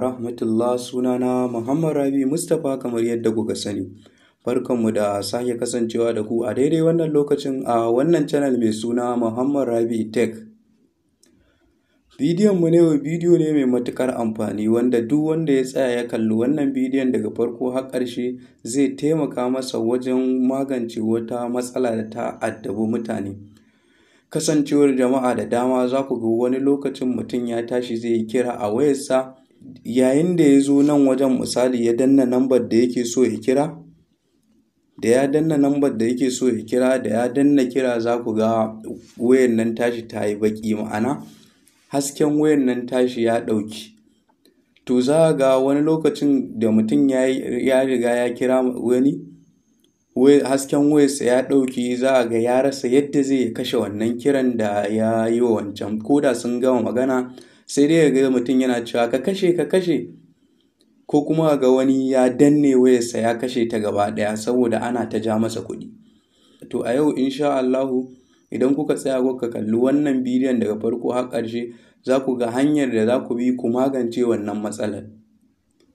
rahmatullah sunana Muhammad Rabi Mustapha kamar yadda kuka sani. Barkanmu da sake kasancewa da ku a daidai wannan lokacin a wannan channel mai suna Muhammad Rabi Tech. Bidiyon mu ne bidiyo ne mai matukar amfani wanda duk wanda ya tsaya ya kalli wannan bidiyon daga farko har ƙarshe zai taimaka masa wajen magance wata matsala da ta addabo mutane. kasancewar jama'a da dama za ku ga wani lokacin mutum ya tashi zai yi kira a wayarsa yayin da ya zo nan wajen misali ya danna nambar da yake so ya kira da ya danna nambar da yake so ya kira da ya danna kira za ku ga wayan nan tashi ta yi baki ma'ana hasken wayan nan tashi ya ɗauki to za ga wani lokacin da mutum ya riga ya kira wani hasken wayarsa ya ɗauki za ga ya rasa yadda zai kashe wannan kiran da ya yi wancan ko da sun gama magana sai dai ga mutum yana cewa ka kashe ka kashe ko kuma ga wani ya danne wayarsa ya kashe ta gaba daya saboda ana ta ja masa kuɗi to a yau insha Allahu idan kuka tsaya kuka kalli wannan bidiyon daga farko har ƙarshe za ku ga hanyar da za ku bi ku magance wannan matsalar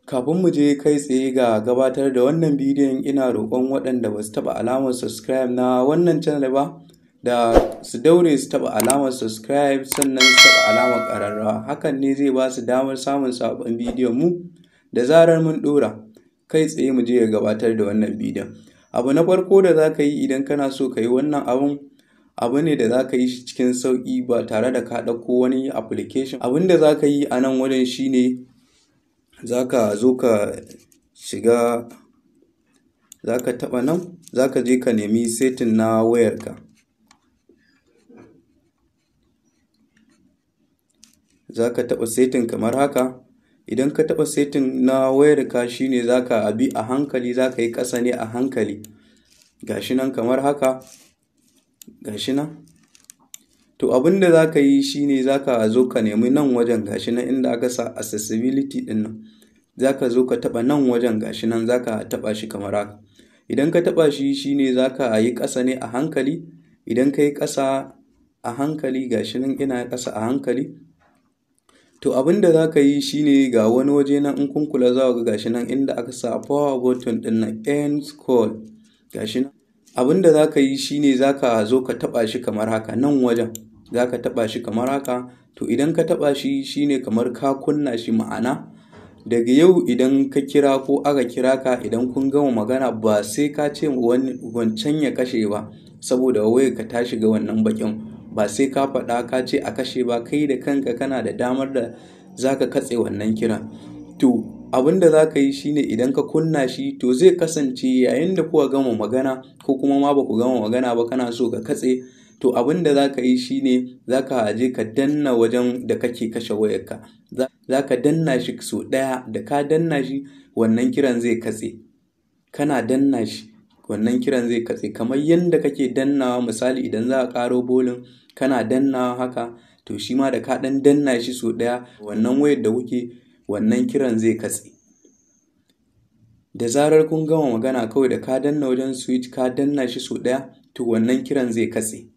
kafin mu je kai tsaye ga gabatar da wannan bidiyon ina roƙon waɗanda ba su taɓa alamar subscribe na wannan channel ba da su daure su taba alamar subscribe sannan su taba alamar ƙararrawa hakan ne zai ba su damar samun sabon bidiyon mu da zarar mun dora kai tsaye mu je ga gabatar da wannan bidiyon abu na farko da za ka yi idan kana so ka yi wannan abun abu ne da za ka yi shi cikin sauƙi ba tare da ka ɗauko wani application abin da za ka yi a nan wajen shine za ka zo ka shiga za ka taɓa nan za ka je ka nemi setin na wayarka za ka taɓa setin kamar haka idan ka taɓa setin na wayarka shine za ka bi a hankali za ka yi ƙasa ne a hankali gashi nan kamar haka gashi nan to abinda za ka yi shine za ka zo ka nemi nan wajen gashi nan inda aka sa accessibility ɗin nan za ka zo ka taɓa nan wajen gashi nan za ka taɓa shi kamar haka idan ka taɓa shi shine za ka yi ƙasa ne a hankali idan ka yi ƙasa a hankali gashi nan ina ƙasa a hankali to abin da za ka yi shine ga wani waje nan in kunkula kula za ga gashi nan inda aka sa power button din na end call gashi nan abin da za ka yi shine za ka zo ka taba shi kamar haka nan wajen za ka taba shi kamar haka to idan ka taba shi shine kamar ka kunna shi ma'ana daga yau idan ka kira ko aka kira ka idan kun gama magana ba sai ka ce wancan ya kashe ba saboda waye ka tashi ga wannan bakin ba sai ka faɗa ka ce a kashe ba kai da kanka kana da damar da za ka katse wannan kiran to abin da za ka yi shine idan ka kunna shi to zai kasance yayin da kuka gama magana ko kuma ma ba ku gama magana ba kana so ka katse to abin da za ka yi shine za ka haje ka danna wajen da kake kashe wayarka za ka danna shi so ɗaya da ka danna shi wannan kiran zai katse kana danna shi wannan kiran zai katse kamar yadda kake dannawa misali idan za a karo bolin kana dannawa haka to shi ma da ka dan danna shi so daya wannan wayar da kuke wannan kiran zai katse da zarar kun gama magana kawai da ka danna wajen switch ka danna shi so daya to wannan kiran zai katse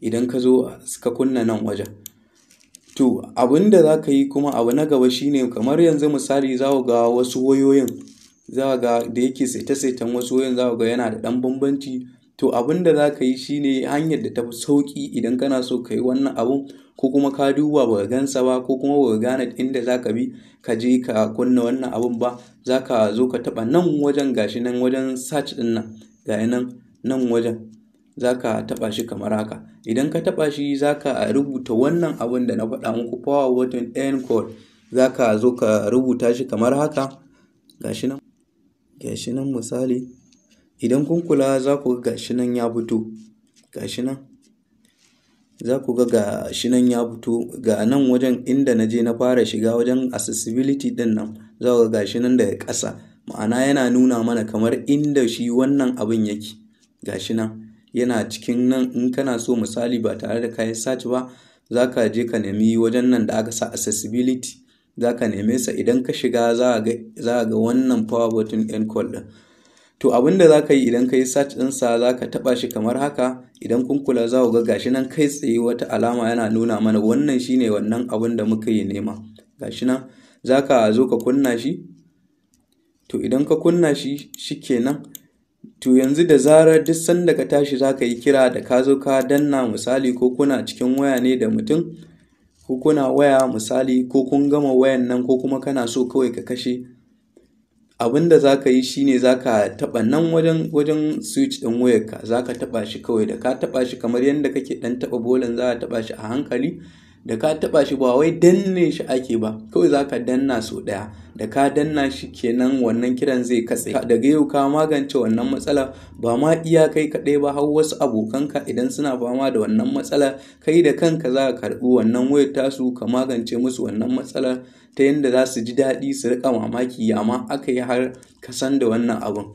idan ka zo ka kunna nan wajen to abin da za ka yi kuma abu na gaba shine kamar yanzu misali za ga wasu wayoyin za ga da yake saita-saitan wasu wayan za ga yana da ɗan bambanci to abin da za ka yi shine hanyar da ta fi sauƙi idan kana so ka yi wannan abun ko kuma ka duba ba gansa ba ko kuma ba gane inda za ka bi ka je ka kunna wannan abun ba za ka zo ka taɓa nan wajen gashi nan wajen search ɗin nan ga nan nan wajen za ka taɓa shi kamar haka idan ka taɓa shi za ka rubuta wannan abun da na faɗa muku power button end code za ka zo ka rubuta shi kamar haka gashi nan Gashi nan misali idan kun kula za ku ga gashi nan ya fito gashi nan za ku ga gashi nan ya fito ga nan wajen inda na je na fara shiga wajen accessibility din nan za ku ga gashi nan daga ƙasa ma'ana yana nuna mana kamar inda shi wannan abin yake gashi nan yana cikin nan in kana so misali ba tare da kayan yi search ba za ka je ka nemi wajen nan da aka sa accessibility za ka neme sa idan ka shiga za ga wannan power button end call ɗin to abin da za ka yi idan ka yi search ɗinsa za ka taɓa shi kamar haka idan kun kula za ku ga gashi nan kai tsaye wata alama yana nuna mana wannan shine wannan abin da muka yi nema gashi nan za ka zo ka kunna shi to idan ka kunna shi shikenan to yanzu da zarar duk sanda ka tashi za ka yi kira da ka zo ka danna misali ko kuna cikin waya ne da mutum ko kuna waya misali ko kun gama wayan nan ko kuma kana so kawai ka kashe abin da za ka yi shine za ka taɓa nan wajen wajen switch ɗin wayarka za ka taɓa shi kawai da ka taɓa shi kamar yadda kake ɗan taɓa bolan za ka taɓa shi a hankali da ka taɓa shi ba wai danne shi ake ba kawai za ka danna so ɗaya da ka danna shi kenan wannan kiran zai katse daga yau ka magance wannan matsala ba ma iya kai kaɗai ba har wasu abokanka idan suna fama da wannan matsala kai da kanka za ka karɓi wannan wayar tasu ka magance musu wannan matsalar ta yadda za su ji daɗi su riƙa mamaki amma aka yi har ka san da wannan abun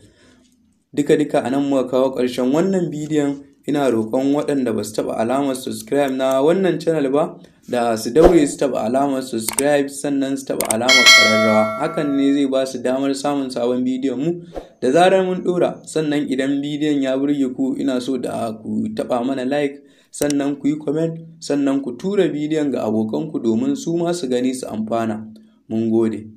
duka-duka a nan muka kawo ƙarshen wannan bidiyon ina roƙon waɗanda ba su taɓa alamar subscribe na wannan channel ba da su daure su taɓa alamar subscribe sannan su taɓa alamar ƙararrawa hakan ne zai ba su damar samun sabon bidiyon mu da zarar mun ɗora sannan idan bidiyon ya burge ku ina so da ku taɓa mana like sannan ku yi comment sannan ku tura bidiyon ga abokanku domin su ma su gani su amfana mun gode